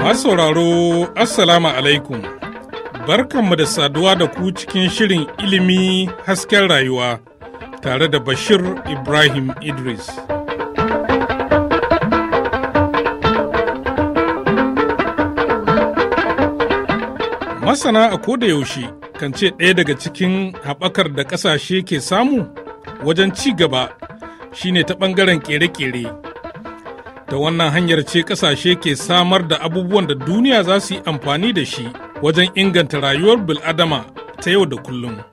Masu sauraro, Assalamu alaikum. Barkanmu da saduwa da ku cikin shirin ilimi hasken rayuwa tare da Bashir Ibrahim Idris. Masana a koda yaushe kan ce ɗaya daga cikin haɓakar da ƙasashe ke samu wajen ci gaba shine ta ɓangaren ƙere-ƙere. Ta wannan hanyar ce ƙasashe ke samar da abubuwan da duniya za su yi amfani da shi wajen inganta rayuwar bil'adama ta yau da kullum.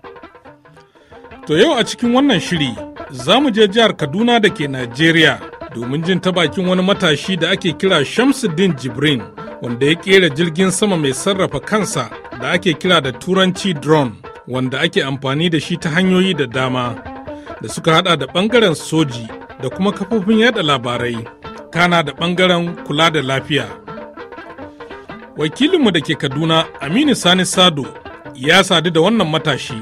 To yau a cikin wannan shiri za mu je jihar Kaduna da ke Najeriya domin jin ta bakin wani matashi da ake kira Shamsuddin Jibrin wanda ya kera jirgin sama mai sarrafa kansa da ake kira da turanci drone wanda ake amfani da shi ta hanyoyi da dama. da suka hada da bangaren soji da kuma kafofin yada labarai kana da bangaren kula da lafiya wakilinmu da ke kaduna aminu sani sado ya sadu da wannan matashi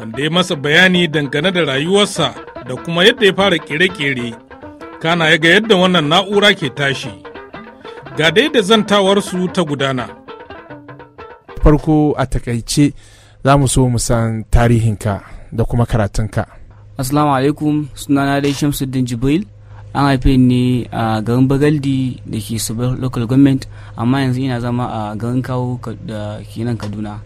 wanda ya masa bayani dangane da rayuwarsa da kuma yadda ya fara kere-kere kana ya ga yadda wannan na'ura ke tashi ga dai da zantawarsu ta gudana farko a takaice za mu so mu san tarihinka da kuma karatunka Assalamu alaikum sunana dai Shamsuddin Jibril an haife ni a garin Bagaldi da ke Subar local government amma yanzu ina zama a garin Kawo da ke nan Kaduna.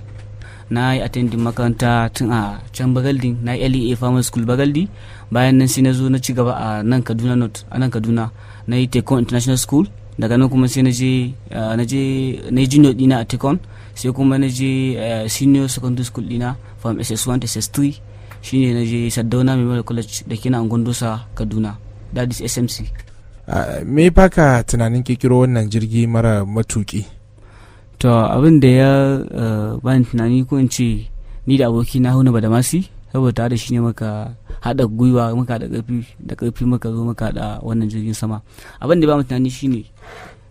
Na yi attending makaranta tun a can Bagaldi na yi LEA Farmer School Bagaldi bayan nan sai na zo na ci gaba a nan Kaduna North a nan Kaduna na yi Tekon International School daga nan kuma sai na je na je na yi junior dina a Tekon sai kuma na je eh, senior secondary school dina from SS1 to SS3 shine na je saddauna memorial college da ke na gundusa kaduna that is smc ah, me baka tunanin kikiro wannan jirgi mara matuki to abin da ya eh, bani tunani ko in ce ni da aboki na hauna masi saboda ta da shi ne maka haɗa gwiwa maka da karfi da karfi maka zo maka da wannan jirgin sama abin da ba mu tunani shine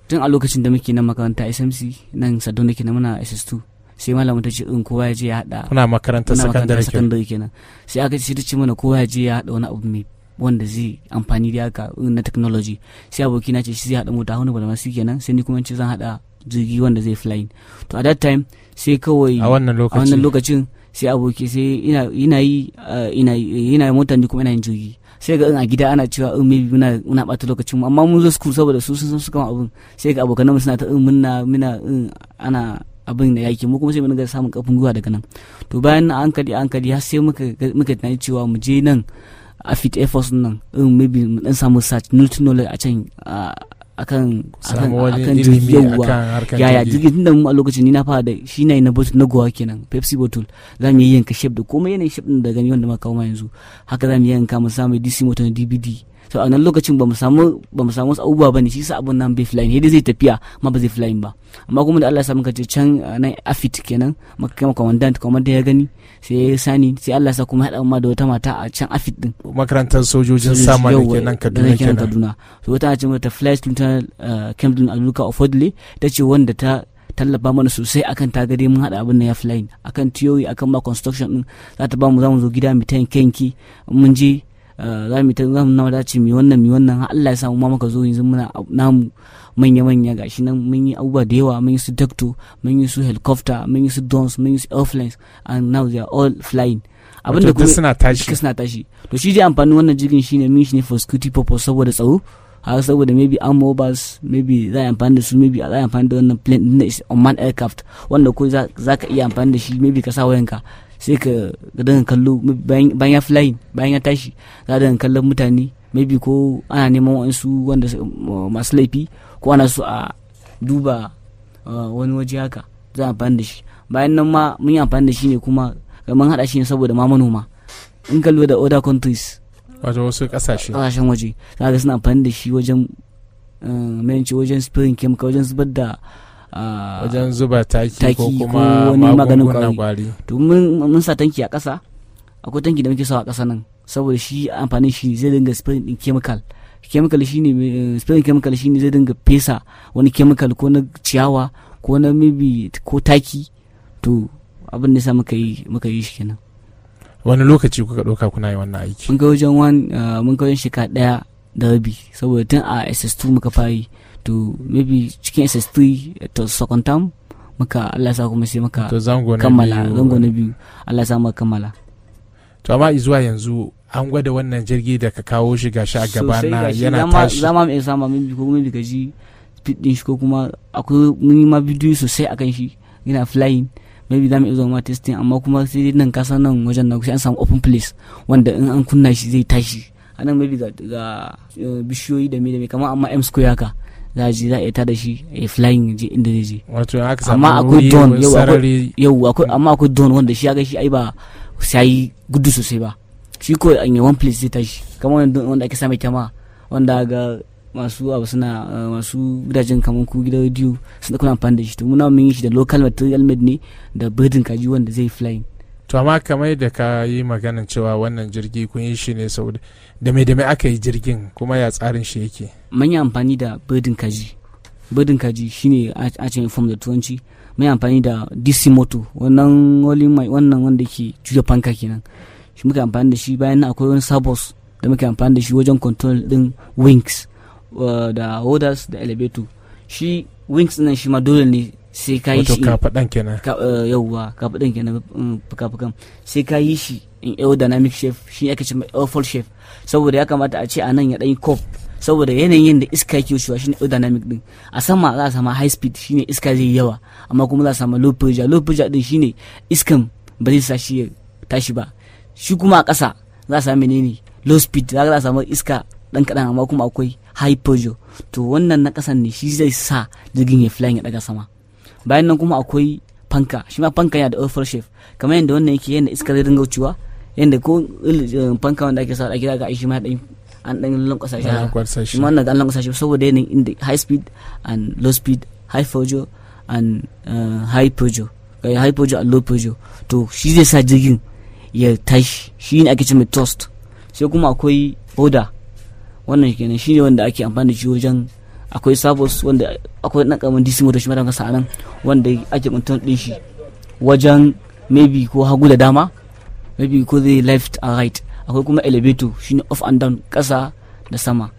tun a lokacin da muke nan makaranta smc nan saddauna kenan muna ss2 sai malamin ta ce in kowa ya je ya hada kuna makarantar sakandare kenan sai aka ce ta ce mana kowa ya je ya hada wani abu mai wanda zai amfani da haka na technology sai aboki na ce shi zai hada mota hannu balama su kenan sai ni kuma ce zan hada jirgi wanda zai flying to a that time sai kawai a wannan lokacin sai aboki sai ina yi ina yi eh, motar ni kuma ina yin jirgi sai ga in a gida ana cewa in mai muna muna bata lokacin amma mun zo school saboda su sun san su kama abin sai ga abokan mu suna ta in muna muna in ana abin da yake mu kuma sai mu dinga samun kafin gwiwa daga nan to bayan nan hankali hankali har sai muka muka tunani cewa mu je nan a fit efforts nan in maybe mu dan samu search knowledge a can akan akan ya yaya jirgin tunda mu a lokacin ni na fara da shi na na bottle na gowa kenan pepsi bottle za mu yi yanka shape da komai yanayin shape da gani wanda ma kawo ma yanzu haka za mu yanka mu samu dc motor na dvd to a nan lokacin ba mu samu ba mu samu wasu abubuwa bane shi yasa abun nan bai flying sai dai zai tafiya amma ba zai flying ba amma kuma da Allah ya samu ka can nan afit kenan maka kai commandant da ya gani sai ya sani sai Allah ya sa kuma hada ma da wata mata a can afit din makarantar sojojin sama da kenan Kaduna kenan Kaduna to wata ce mata flight lieutenant Kemdin uh, Aluka Ofodle ta ce wanda ta tallafa mana sosai akan ta gade mun hada abin na ya flying akan tiyoyi akan ma construction din za ta ba mu za mu zo gida mu ta yanki mun je za mu ta zamu na dace yi wannan yi wannan Allah ya samu ma muka zo yanzu muna namu manya manya gashi nan mun yi abubuwa da yawa mun yi su doctor mun yi su helicopter mun yi su drones mun yi su airplanes and now they are all flying abin da kuma suna tashi suna tashi to shi je amfanin wannan jirgin shine mun shi ne for security purpose saboda tsaro har saboda maybe an mobiles, maybe za a amfani da su maybe za a amfani da wannan plane na man aircraft wanda ko za ka iya amfani da shi maybe ka sa wayanka sai ka dinga kallo bayan ya flying bayan ya tashi za dinga kallon mutane maybe ko ana neman wasu wanda uh, masu laifi ko ana su a duba uh, wani waje haka za a amfani da shi bayan nan ma mun yi amfani da shi ne kuma kamar haɗa shi ne saboda ma manoma in kallo da other countries wato wasu ƙasashe ƙasashen waje za ga suna amfani da shi wajen uh, mayanci wajen spirin kemka wajen zubar da Ah, wajen zuba taki ko kuma magungunan kwari to mun sa tanki a ƙasa akwai tanki da muke sawa a ƙasa nan saboda shi amfani shi zai dinga spraying din chemical chemical shine eh, spraying chemical shine zai dinga fesa wani chemical ko na ciyawa ko na maybe ko taki to abin da sa muka yi muka yi shi kenan wani lokaci kuka ɗauka kuna yi wannan aiki mun ga wajen ah, mun ga wajen shekara ɗaya da rabi saboda tun a ss2 muka fara yi to maybe cikin ss3 to second term maka Allah sa kuma sai muka kammala zango na biyu Allah sa maka kammala to amma zuwa yanzu an gwada wannan jirgi da ka kawo shi shi a gaba na yana tashi zama mai sama mai ko mai gaji fit din shi ko kuma akwai mun ma bidiyo sosai akan shi yana flying maybe za mu iya ma testing amma kuma sai dai nan kasa nan wajen nan sai an samu open place wanda in an kunna shi zai tashi anan maybe ga eh, bishiyoyi da mai da mai kamar amma m square haka za ji za a ta da shi a flying je inda zai je amma akwai don yau akwai amma akwai don wanda shi ya ga shi ai ba sai gudu sosai ba shi ko an yi one place zai tashi kamar wanda ake same kyama wanda ga masu abu suna eh, masu gidajen kamar ku gidan rediyo suna kuna amfani da shi to muna mun yi shi da local material made ne da birdin kaji wanda zai flying to amma kamar da ka yi maganin cewa wannan jirgi kun yi shi ne sau da mai da mai aka yi jirgin kuma ya tsarin shi yake mun yi amfani da birdin kaji birdin kaji shine a cikin form da turanci mun yi amfani da dc moto wannan mai wannan wanda ke juya fanka kenan shi muka amfani da shi bayan akwai wani sabos da muke amfani da shi wajen control din wings da holders da elevator shi wings din shi ma dole ne sai ka yi shi kafaɗan kenan eh, yauwa kafaɗan kenan mm, fuka-fukan sai ka yi shi in aerodynamic shape shi ake ce awful shape saboda ya kamata a ce a nan ya ɗan yi cop saboda yanayin da iska yake wucewa shine aerodynamic din a sama za a sama high speed shine iska zai yawa amma kuma za a sama low pressure low pressure din shine iskan ba zai sa shi tashi ba shi kuma a ƙasa za a samu menene low speed za a sama iska ɗan kaɗan amma kuma akwai high pressure to wannan na ƙasan ne shi zai sa jirgin ya flying ya ɗaga sama bayan nan kuma akwai fanka shi ma fanka yana da offer shape kamar yadda wannan yake yadda iska zai wucewa yadda ko eh, fanka wanda ake sa a gida ga shi ma dan an dan lankwasa shi shi ma wannan an lankwasa shi saboda yanayin inda high speed and low speed high fojo and eh, high pojo eh, high pojo and low pojo to shi zai sa jirgin ya tashi shi ne ake ce mai toast sai kuma akwai oda wannan shi ne wanda ake amfani da shi wajen akwai sabos wanda akwai na kamar dc motor shi madan kasa wanda ake mutum din shi wajen maybe ko hagu da dama maybe ko zai left and right akwai kuma elevator shine off and down kasa da sama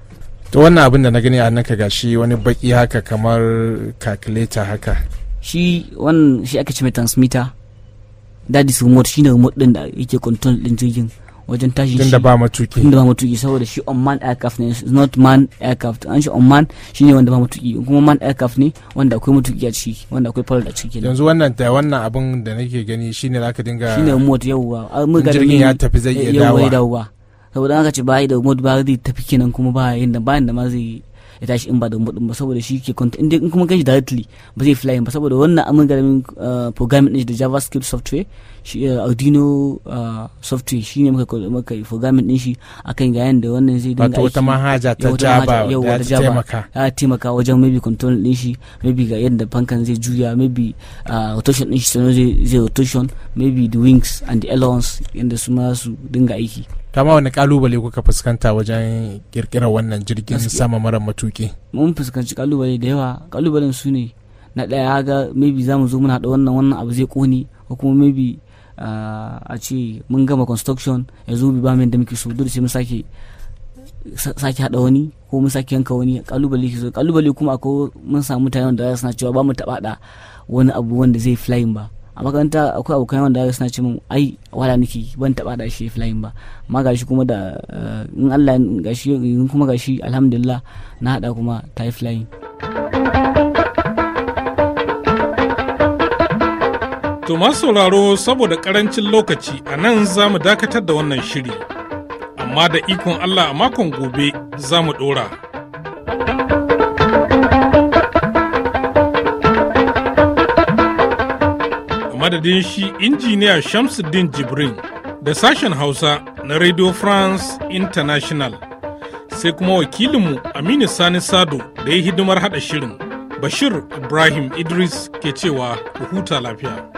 to wannan abin da na gani a naka gashi wani baki haka kamar calculator haka shi wannan shi ake ce mai transmitter that is remote shine remote din da yake control din jirgin wajen tashi shi tunda ba matuki tunda ba matuki saboda shi on man aircraft ne is not man aircraft an shi on man shi ne wanda ba matuki kuma man aircraft ne wanda akwai matuki a ciki wanda akwai pilot a ciki yanzu wannan da wannan abin da nake gani shi ne zaka dinga shine mot yawwa mun ga jirgin ya tafi zai iya dawa saboda haka ce ba da mot ba zai tafi kenan kuma ba yin da bayan da ma zai ya tashi in ba da mudin ba saboda shi ke kwanta inda in kuma ganshi directly ba zai fly ba saboda wannan amin garamin uh, programming din da javascript software shi uh, arduino uh, software shi ne muka yi programming din shi kan gayan da wannan zai dinga aiki wata manhaja ta java ya taimaka ya taimaka wajen maybe control din shi maybe ga yadda fankan zai juya maybe rotation din shi sanar zai rotation maybe the wings and the ailerons yadda su ma su dinga aiki kama wani kalubale kuka fuskanta wajen kirkirar wannan jirgin sama mara matuki mun fuskanci kalubale da yawa kalubalen su ne na daya ga maybe za mu zo muna da wannan wannan abu zai kone ko kuma maybe ah, a ce mun gama construction ya zo bi ba mu da muke so dole sai mu sake sake hada wani ko mun sake yanka wani kalubale ke so kalubale kuma akwai mun samu mutane wanda suna cewa ba mu taba wani abu wanda zai flying ba a makaranta akwai abokan wanda suna ce min ai wala niki ban taba da shi flying ba amma gashi kuma da eh, in Allah gashi kuma gashi alhamdulillah na hada kuma ta yi flying To masu sauraro saboda karancin lokaci a nan za mu dakatar da wannan shiri amma da ikon Allah a makon gobe za mu dora madadin shi injiniya Shamsuddin Jibrin da sashen Hausa na Radio France International sai kuma wakilinmu Aminu Sani Sado da ya hidimar haɗa shirin Bashir Ibrahim Idris ke cewa huta lafiya.